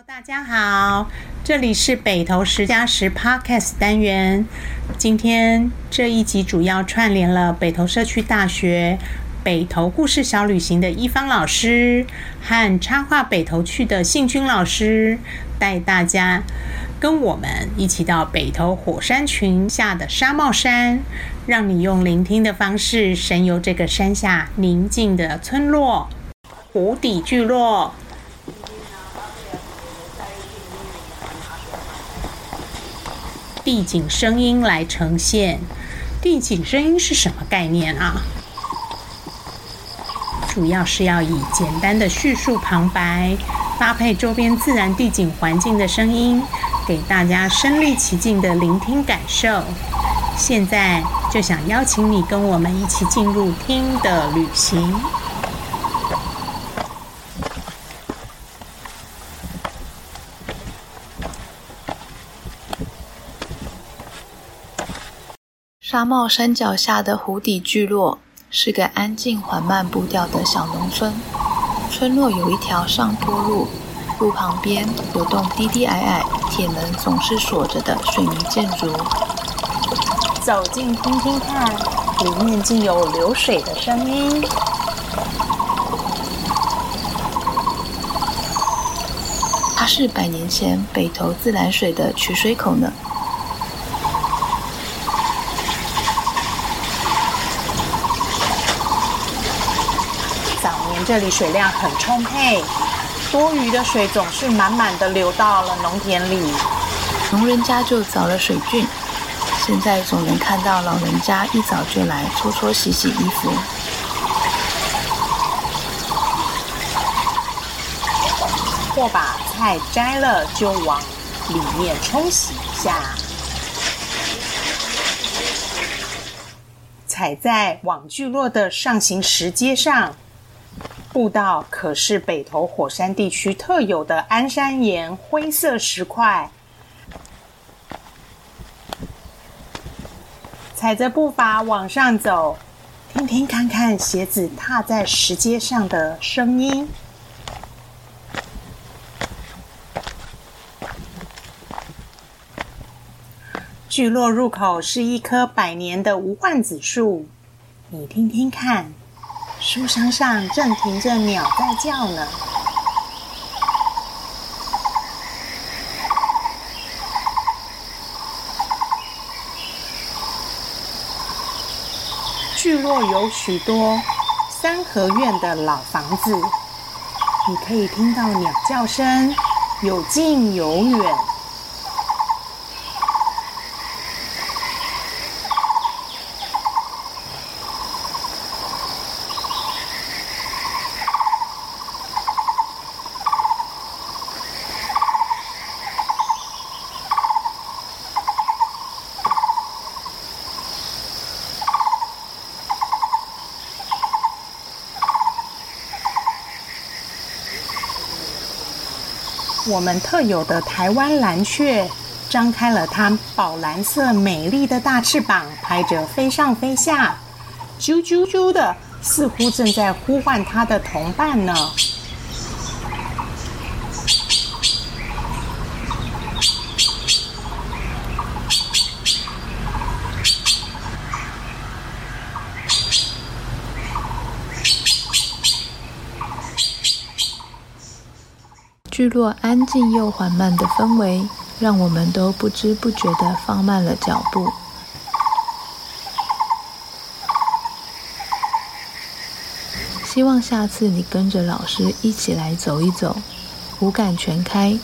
Hello，大家好，這裡是北投十加十 Podcast 單元。今天這一集主要串聯了北投社區大學、北投故事小旅行的伊芳老師和插畫北投區的幸君老師，帶大家跟我們一起到北投火山群下的紗帽山，讓你用聆聽的方式神遊這個山下寧靜的村落、湖底聚落。地景聲音來呈現，地景聲音是什麼概念啊？主要是要以簡單的敘述旁白，搭配周邊自然地景環境的聲音，給大家身臨其境的聆聽感受。現在就想邀請你跟我們一起進入聽的旅行。紗帽山腳下的湖底聚落是個安靜、緩慢步調的小農村。村落有一條上坡路，路旁邊有棟低低矮矮，鐵門總是鎖着的水泥建築。走進聽聽看，裡面竟有流水的聲音。它是百年前北投自來水的取水口呢。早年這裡水量很充沛，多餘的水總是滿滿的流到了農田裡，農人家就鑿了水圳，現在總能看到老人家一早就來搓搓洗洗衣服，或把菜摘了就往裡面沖洗一下。踩在網聚落的上行石階上。步道可是北投火山地區特有的安山岩灰色石塊，踩着步伐往上走，聽聽看看鞋子踏在石階上的聲音。聚落入口是一棵百年的無患子樹，你聽聽看。樹梢上正停着鳥在叫呢。聚落有許多三合院的老房子，你可以聽到鳥叫聲，有近有遠。我們特有的台灣藍鵲，張開了它寶藍色美麗的大翅膀，拍着飛上飛下，啾啾啾的，似乎正在呼喚它的同伴呢。聚落安靜又緩慢的氛圍，讓我們都不知不覺地放慢了腳步。希望下次你跟着老師一起來走一走，五感全開，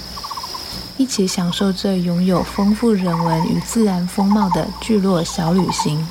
一起享受這擁有豐富人文與自然風貌的聚落小旅行。